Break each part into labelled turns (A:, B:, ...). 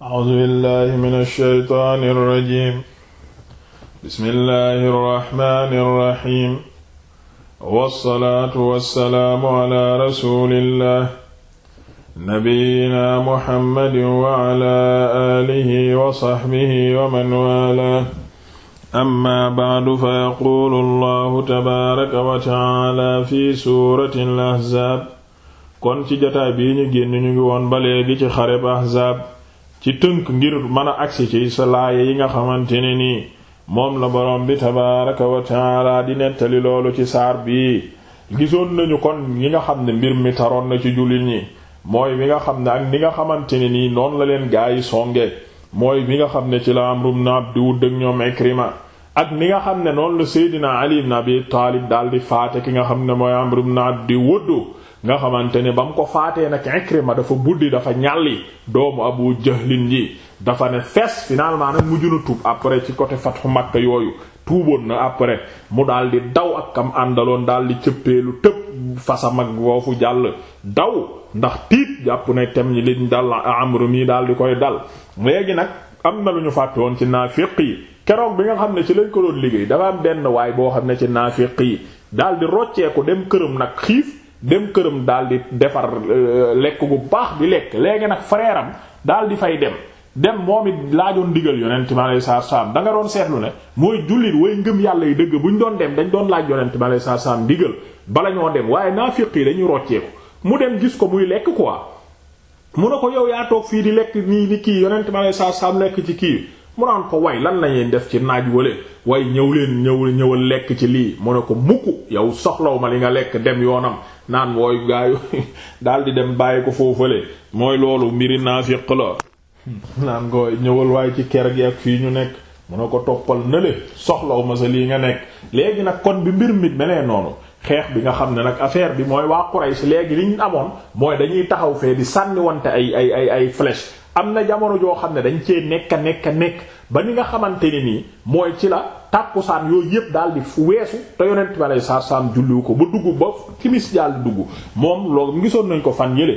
A: A'uuzu billaahi mina shaytaani rajiim. Bismillaahi rahmaani rahiim. Wassalaatu wassalaamu alaa rasuulillaah. Nabiyyinaa Muhammadin wa alaa aalihi wa sahbihi wa man waalaah. Ammaa ba'du fa yaquulu Allaahu tabaaraka wa ta'aalaa fi suuratil Ahzaab. Kon ci jotaay bii ñu génn ñu ngi woon ba léegi ci xareb Ahzaab. ci tënk ngir mën a agsi ci sa yi nga xamante ne nii moom la borom bi tabaaraka wa taala di nettali loolu ci saar bii gisoon nañu kon yi nga xam ne mbir mi taroon na ci jullit ñi mooy bi nga xam ne ak ni nga xamante ne nii noonu la leen gaa yi songe mooy bi nga xam ne ci la Amru ibn Abdi Wudd ak ñoom Ikrima ak ni nga xam ne noonu la Seydina Ali ibn Taalib daal di faate ki nga xam ne mooy Amru ibn di Wudd nga xamante ne ba mu ko faatee nag Ikrima dafa buddi dafa ñàlli doomu Abu Jahlin ji dafa ne fes finalement nag mujj na tuub après ci côté Fathu Makka yooyu tuuboon na après mu daal di daw ak kam àndaloon daal di cëppeelu tëb fasam ak foofu jàll daw ndax tiit jàpp ne tem ñi liñ dal amru mi daal di koy dal léegi nag am na lu ñu fàtte woon ci naafiq yi keroom bi nga xam ne ci lañ ko doon liggéey dafa am benn waay boo xam ne ci naafiq yi daal di rocceeku dem këram nag xiif dem këram daal di defar euh, lekk bu baax bi lekk léegi nag frère am daal di fay dem dem moom it laajoon digal yonent mi alayhi salaatu salaam da nga doon seetlu ne mooy jullit way ngëm yàlla yi dëgg bu ñu doon dem dañ doon laaj yonent mi alayhi salaatu salaam digal bala ñoo dem waaye naafiq yi dañuy rocceeku mu dem gis ko muy lekk quoi mu ne ko yow yaa toog fii di lekk nii di kii yonent mi alayhi salaatu salaam lekk ci kii. mu naan ko way lan lañuy def ci naaj wale way ñëw leen ñëw ñëwal lekk ci lii mu ne ko mukk yow soxlaw ma li nga lekk dem yoonam naan wooy gaayu daal di dem bàyyi ko foofale mooy loolu mbiri naafiq la naan ngooy ñëwal waaye ci ker gi ak fii ñu nekk mu ne ko toppal nële soxlaw ma sa lii nga nekk léegi nag kon bi mbir mit melee noonu xeex bi nga xam ne nag affaire bi mooy waa Quraysh léegi li amoon mooy dañuy taxaw fee di sànni wante ay ay ay ay flèche am na jamono joo xam ne dañ cee nekk nekk nekk ba ni nga xamante ne nii mooy ci la tàkkusaan yooyu yëpp daal di fu weesu te yonent bi aleyhi salaatu salaam julliwu ko ba dugg ba timis jàll dugg moom loolu gisoon nañ ko fan yële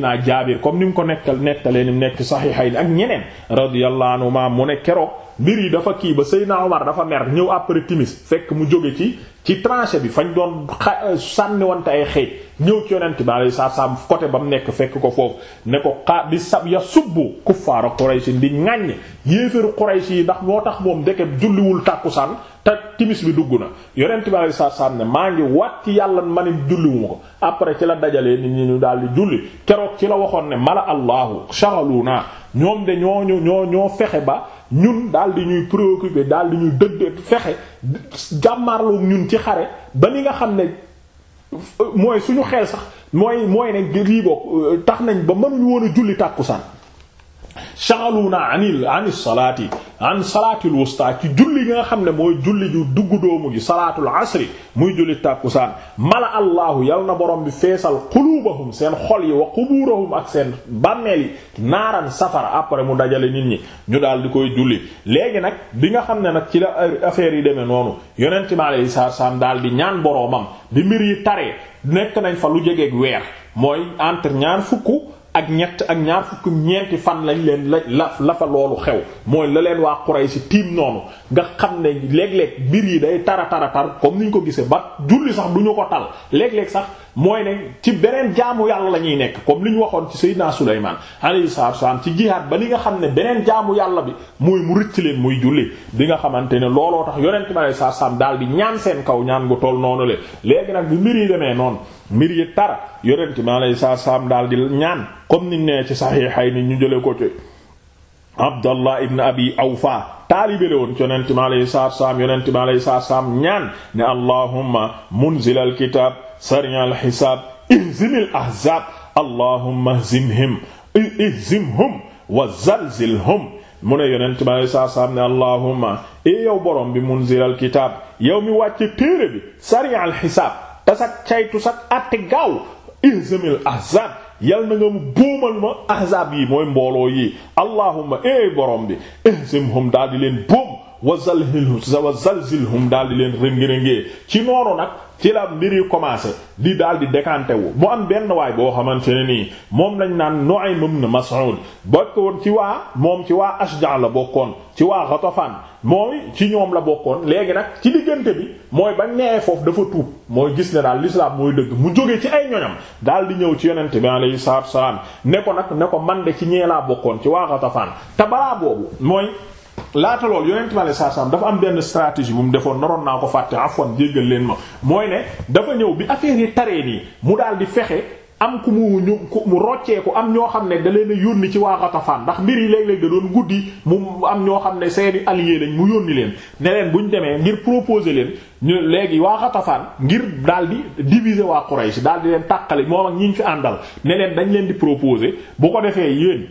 A: naa Jaabir comme ni mu ko nekkal nettalee ni mu nekk saxiixayn ak ñeneen radiyallahu anhuma mu ne keroog mbir yi dafa kii ba Seydina Omar dafa mer ñëw après timis fekk mu jóge ci ci tranché bi fa fañ doon xa euh, sànni wante ay xeej ñëw ci yonent bi alayhi salaam côté ba mu nekk fekk ko foofu ne ko xaa di sab ya subbu kuffaara Quraysh di ŋàññ yéeféru Quraysh yi ndax moo tax moom ndeke julliwul tàkkusaan te timis bi dugg na yonent bi alayhi salaam ne maa ngi wat ci yàlla ma ne julliwuma ko après ci la dajalee nit ñi ñu daal di julli keroog ci la waxoon ne mala allahu shaghaluna ñoom de ñoo ñoo ñoo fexe ba ñun daal di ñuy préoccuper daal di ñuy dëgg fexe jàmmaarloog ñun ci xare ba ni nga xam ne mooy suñu xel sax mooy mooy ne riibo bokk tax nañ ba mënuñu woon a julli tàkkusaan shaghaluna anil anil salaati an salaatil wusta ci julli gi nga xam ne mooy julli ju duggu doomu gi salaatul asri muy julli tàkkusaan mala allahu yal na borom bi feesal quluubahum seen xol yi wa qubuurahum ak seen bàmmeel yi naaran safara après mu dajale nit ñi ñu daal di koy julli léegi nag bi nga xam ne nag ci la affaire yi demee noonu yonent ma alayhi salaam daal di ñaan boroomam bi mbir yi taree nekk nañ fa lu jegeeg weer mooy entre ñaar fukk ak ñett ak ñaar fukki ñeenti fan lañ leen la la lafa loolu xew mooy la leen waa si tiim noonu nga xam ne léeg-léeg mbir yi day tara tara tar comme ni ñu ko gisee ba julli sax du ñu ko tal léeg-léeg sax mooy ne ci beneen jaamu yàlla la ñuy nekk comme li ñu waxoon ci Seydina Sulaymaan alayhi salaatu wassalaam ci jihaad ba li nga xam ne beneen jaamu yàlla bi mooy mu rëcc leen muy julli bi nga xamante ne looloo tax yonent bi alayhi salaatu wassalaam daal di ñaan seen kaw ñaan gu toll noonu le léegi nag bi mbir yi demee noonu mbir yi tar yonent mi alayhi salaam daal di ñaan comme niñ nee ci ni ñu jële ko ci Abdallah ibn Abi Awfa taalibe la woon ci yonent mi alayhi salaam yonent mi alayhi salaam ñaan ne allahumma munzil al kitaab sari ahzaab allahumma ihzimhum ihzimhum wa zalzilhum mu ne yonent allahumma e yow borom bi munzilal kitaab yow mi wàcce bi sari al te sag caytu sag àtte gaaw ihzamil ahzab yal na nga mu boomal ma ahzab yi mooy mbooloo yi allahumma eey eh, boroom bi ihzimhum daal di leen boom wa zalhilhum wa zalzilhum daal di leen rëngi-rëngee ci noonu nag ci la mbir yi commencé di daal di décanté wu mu am benn waay boo xamante ne nii moom lañ naan Nu'aym ibn Mas'ud bokkoon ci waa moom ci waa Ashja la bokkoon ci waa Ghatafan mooy ci ñoom la bokkoon léegi nag ci diggante bi mooy bañ nee foofu dafa tuub mooy gis ne daal l'islam mooy dëgg mu jógee ci ay ñoñam daal di ñëw ci yonent bi alayhi salaatu wasalaam ne ko nag ne ko man de ci ñeelaa bokkoon ci waa Ghatafaan te balaa boobu mooy laata lool yonent bi alayhi salaatu wasalaam dafa am benn stratégie bu mu defoon naroon naa ko fàtte afwan jéggal leen ma mooy ne dafa ñëw bi affaire yi taree nii mu daal di fexe am ku mu ñu ku mu rocceeku am ñoo xam ne da leen a yónni ci waa Ghatafan ndax mbir yi léeg-léeg da doon guddi mu am ñoo xam ne seeni alliés lañ mu yónni leen ne leen bu ñu demee ngir proposer leen ñu léegi waa ngir daal di diviser waa Quraysh daal di leen tàqale moom ak ñi ñu fi àndal ne leen dañ leen di proposer bu ko defee yéen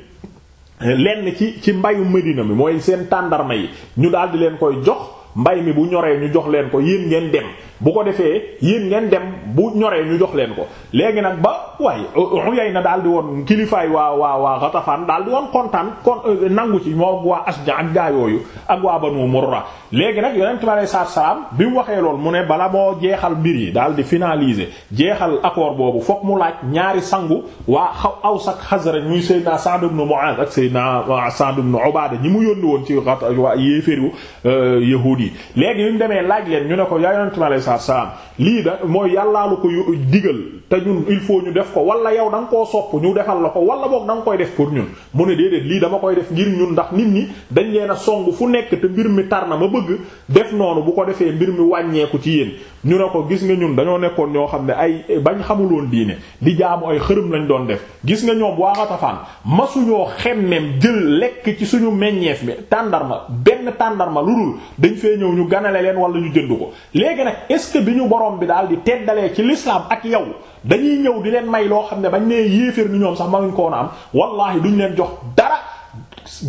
A: eh, lenn ci ci mbayu Medina mi mooy seen tàndarma yi ñu daal di leen koy jox. mbay mi bu ñoree ñu jox leen ko yéen ngeen dem bu ko defee yéen ngeen dem bu ñoree ñu jox leen ko léegi nag ba waaye Uyayna daal di woon kilifaay waa waa waa Ghatafan daal di woon kontaan kon euh, nangu ci moo waa Asja ak gaa yooyu ak waa Banu Murra léegi nag yonent bi alayhi salaatu salaam bi mu waxee lool mu ne bala moo jeexal mbir yi daal di finaliser jeexal accord boobu fokk mu laaj ñaari sangu waa xaw Aws ak Xasraj muy Seydina Sa'd ibn Mu'adh ak Seydina euh, Sa'd ibn Ubaada ñi mu yónni woon ci Ghatafan euh, yahuudi lii léegi bi mu demee laaj leen ñu ne ko yaa yonent mi alayhi salaatu salaam lii da mooy yàllaa lu ko digal te ñun il faut ñu def ko wala yow da koo sopp ñu defal la ko wala boog da koy def pour ñun mu ne déedéet lii dama koy def ngir ñun ndax nit ñi dañ leen a song fu nekk te mbir mi tar na ma bëgg def noonu bu ko defee mbir mi wàññeeku ci yéen ñu ne ko gis nga ñun dañoo nekkoon ñoo xam ne ay bañ xamuloon diine di jaamu ay xërëm lañ doon def gis nga ñoom waa Ghatafaan masuñoo xemmeem jël lekk ci suñu meññeef mi tàndarma benn tàndarma lu ñëw ñu ganale leen wala ñu jënd ko léegi nag est-ce que bi ñu borom bi daal di teddalee ci l'islam ak yow dañuy ñëw di leen may loo xam ne bañ nee yéeféer ni ñoom sax mënuñ koo na am wallahi duñ leen jox dara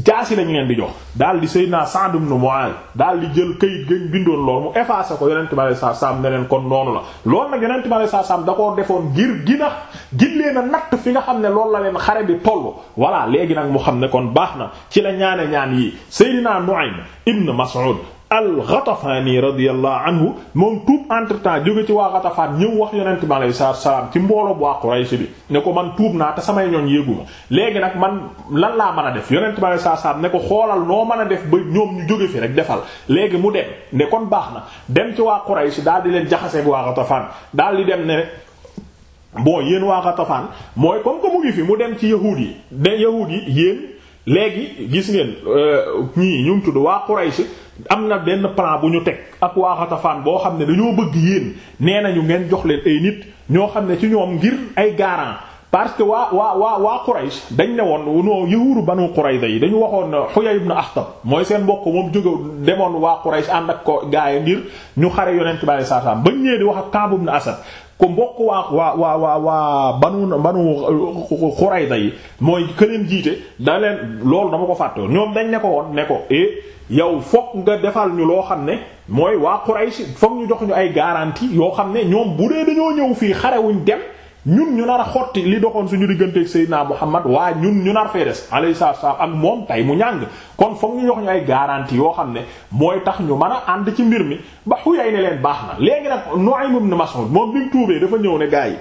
A: jaasi lañ leen di jox daal di Seydina Sa'd ibn Mu'adh daal di jël kayit gañ bindoon lool mu effacé ko yonent bi alayhi salaam ne leen kon noonu la lool nag yonent bi alayhi salaam da koo defoon ngir gina gillee na natt fi nga xam ne loolu la leen xare bi toll voilà léegi nag mu xam ne kon baax na ci la ñaane ñaan yi Seydina Nu'aym ibn Mas'ud al-Ghatafani radiyallahu anhu moom tuub entre temps jóge ci waa Ghatafan ñëw wax yonent bi alayhi salaatu salaam ci mbooloo bu waa Quraysh bi ne ko man tuub naa te samay ñoon yéeguma léegi nag man lan laa mën a def yonent bi alayhi salaatu salaam ne ko xoolal noo mën a def ba ñoom ñu jóge fi rek defal léegi mu dem ne kon baax na dem ci waa Quraysh daal di leen jaxaseeg waa Ghatafan daal di dem ne bon yéen waa Ghatafan mooy comme que mu fi mu dem ci yahuud yi de yahuud yi yéen léegi gis ngeen euh, ñii ñu ngi tudd waa Quraysh am na benn plan bu ñu teg ak waaxatafaan boo xam ne dañoo bëgg yéen nee nañu ngeen jox leen ay nit ñoo xam ne ci ñoom ngir ay garant parce que waa waa waa waa Quraysh dañ ne woon wu noo yahuudu banu Qurayza yi dañu waxoon uh, Huyay ibn Akhtab mooy seen mbokk moom jóge demoon waa Quraysh ànd ak ko gaay ngir ñu xare yonent bi saa saa bañ ak Kaab ibn ko mbokk waa waa waa waa waa banu banu uh, Qurayza yi mooy këneen jiite da leen loolu dama ko fàtte ñoom dañ ne ko woon ne ko eh, yow fokk nga defal ñu loo xam ne mooy waa Quraysh fokk ñu jox ñu ay garantie yoo xam ne ñoom bu dee dañoo ñëw fii xarewuñ dem ñun ñu nar a xotti li doxoon suñu digganteeg naa Muhammad waa ñun ñu nar fee des alayhi salaatu wa ak moom tay mu ñàng kon foog ñu jox ñu ay garantie yoo xam ne mooy tax ñu mën a ànd ci mbir mi ba xuyay ne leen baax na léegi nag Nu'aym ibn Mas'ud moom bi mu tuubee dafa ñëw ne gaa yi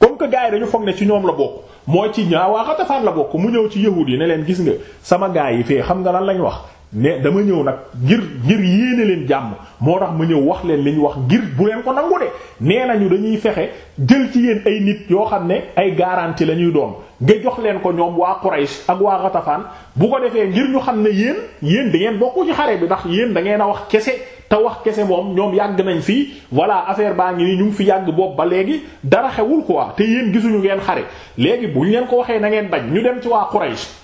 A: comme que gaa yi dañu foog ne ci ñoom la bokk mooy ci ñaa waa Xatafaan la bokk mu ñëw ci yahuud yi ne leen gis nga sama gaa yi fee xam nga lan lañ wax ne dama ñëw nag ngir ngir yéene leen jàmm moo tax ma ñëw wax leen li ñu wax ngir bu leen ko nangu de nee nañu dañuy fexe jël ci yéen ay nit yoo xam ne ay garantie la ñuy doon nga jox leen ko ñoom waa Quraysh ak waa Ghatafan bu ko defee ngir ñu xam ne yéen yéen da ngeen bokku ci xare bi ndax yéen da ngeen a wax kese te wax kese moom ñoom yàgg nañ fii voilà affaire baa ngi nii ñu ngi fi yàgg bopp ba léegi dara xewul quoi te yéen gisuñu ngeen xare léegi buñ leen ko waxee na ngeen bañ ñu dem ci waa Quraysh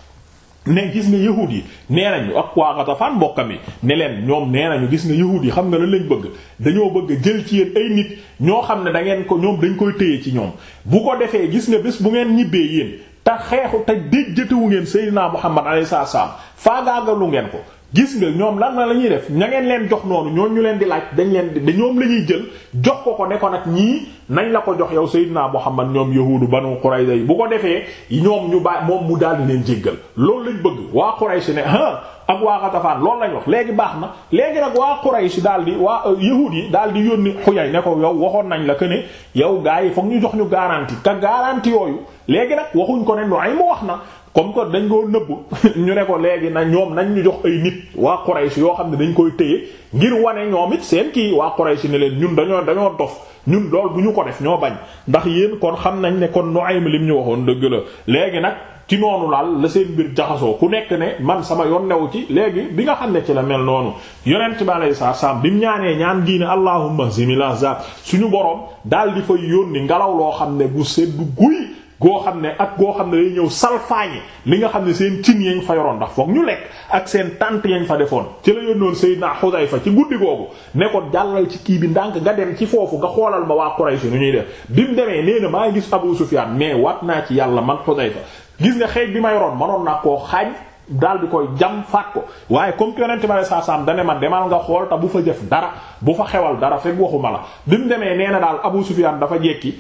A: ne gis nga yahuud yi nee nañu ak waa Ghatafan mbokkam yi ne leen ñoom nee nañu gis nga yahuud yi xam nga lan lañ bëgg dañoo bëgg jël ci yéen ay nit ñoo xam ne da ngeen ko ñoom dañ koy téye ci ñoom bu ko defee gis nga bés bu ngeen ñibbee yéen te xeexu te déjjatiwu ngeen Seydina Muhammad alayhi salaam faagaagalu ngeen ko gis nga ñoom lan na la ñuy def ña leen jox noonu ñoom ñu leen di laaj dañ leen di ñoom lañuy jël jox ko ko ne ko nag ñii nañ la ko jox yow Seydina Muhammad ñoom yahuudu banu Qurayza yi bu ko defee ñoom ñu bàyyi moom mu daal di leen jéggal loolu lañ bëgg waa Quraysh ne ah ak waa Xatafaan loolu lañ wax léegi baax na léegi nag waa Quraysh daal di waa euh, yahuud yi daal di yónni xuyay ne ko yow waxoon nañ la que ne yow gaa yi foog ñu jox ñu garantie ka garantie yooyu léegi nag waxuñ ko ne nooy mu wax na comme que dañ koo nëbb ñu ne ko léegi na ñoom nañ ñu jox ay nit waa Quraysh yoo xam ne dañ koy téye ngir wane ñoom it seen kii waa Quraysh ne leen ñun dañoo dañoo dof ñun lool bu ñu ko def ñoo bañ ndax yéen kon xam nañ ne kon Nuaym lim ñu waxoon dëgg la léegi nag ci noonu laal la seen mbir jaxasoo ku nekk ne man sama yoon new ci léegi bi nga xam ne ci la mel noonu yonent bi saa salaam bi mu ñaanee ñaan gii ne allahumma zimil ahzab suñu borom daal di fay yónni ngelaw loo xam ne bu seddu guy goo xam ne ak goo xam ne day ñëw salfaañe li nga xam ne seen cin yañ fa yoroon ndax foog ñu lekk ak seen tànt yañ fa defoon ci la yónnoon Seydina fa ci guddi googu ne ko jàllal ci kii bi ndànk nga dem ci foofu nga xoolal ma waa Quraysh nu ñuy def bi mu demee nee na maa gis Abu Sufyaan mais waat naa ci yàlla man Xudayfa gis nga xeej bi ma yoroon manoon naa koo xaañ daal di koy jam faat ko waaye comme que yonente ma saa saam dane ma demal nga xool te bu fa jëf dara bu fa xewal dara fekk waxuma la bi mu demee nee na daal Abu Sufyaan dafa jekki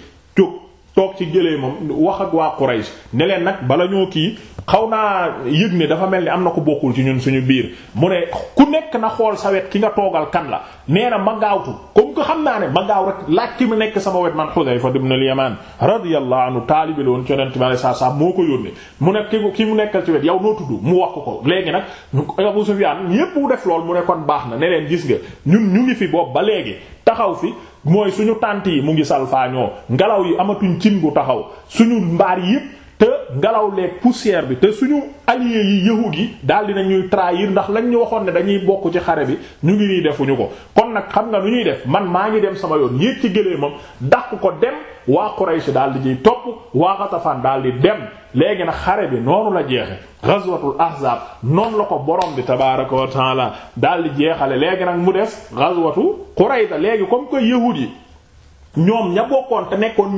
A: toog ci gëléemam wax ak waa Quraysh ne leen nag bala ñoo kii xaw naa yëg ne dafa mel ni am na ko bokkul ci ñun suñu biir mu ne ku nekk na xool sa wet ki nga toogal kan la nee na ma gaawtu comme que xam naa ne ma gaaw rek laaj mu nekk sama wet man Hudayfa ibn al-Yaman radiyallahu anhu taalibi la woon ci yonent bi saa saa moo ko yónnee mu ne ki ki mu nekkal ci wet yow noo tudd mu wax ko ko léegi nag Abu Sufyan ñépp def lool mu ne kon baax na ne leen gis nga ñun ñu ngi fi boobu ba léegi taxaw fi mooy suñu tànt yi mu ngi salfaañoo ngelaw yi amatuñ cin gu taxaw suñu mbaar yépp te ngelaw leeg poussière bi te suñu alliés yi yahuud yi daal dina ñuy trahir ndax lañ ñu waxoon ne dañuy bokk ci xare bi ñu ngi nii defuñu ko kon nag xam nga nu ñuy def man maa ngi dem sama yoon yéeg ci géléemam dàq ko dem waa Quraysh daal di ciy topp waa Ghatafan daal di dem léegi nag xare bi noonu la jeexe ghazwatul ahzab noonu la ko borom bi tabaaraka wa la daal di jeexale leegi nag mu des ghazwatu Qurayza léegi comme que yahuud yi ñoom ña bokkoon te nekkoon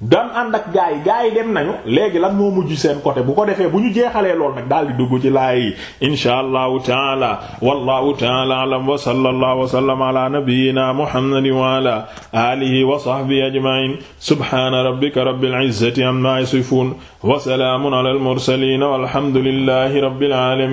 A: daan ànd ak gaa yi gaa yi dem nañu léegi lan moo mujj seen côté bu ko defee bu ñu jeexalee lool nag daal di dugg ci laay yi insha allahu taala wallahu taala alam wa sallallahu wa sallama ala nabiyyina muhammadin wa ala alihi wa sahbihi ajma'in subhana rabbika rabbil izzati amma yasifun wa salamun ala al mursalin walhamdulillahi rabbil alamin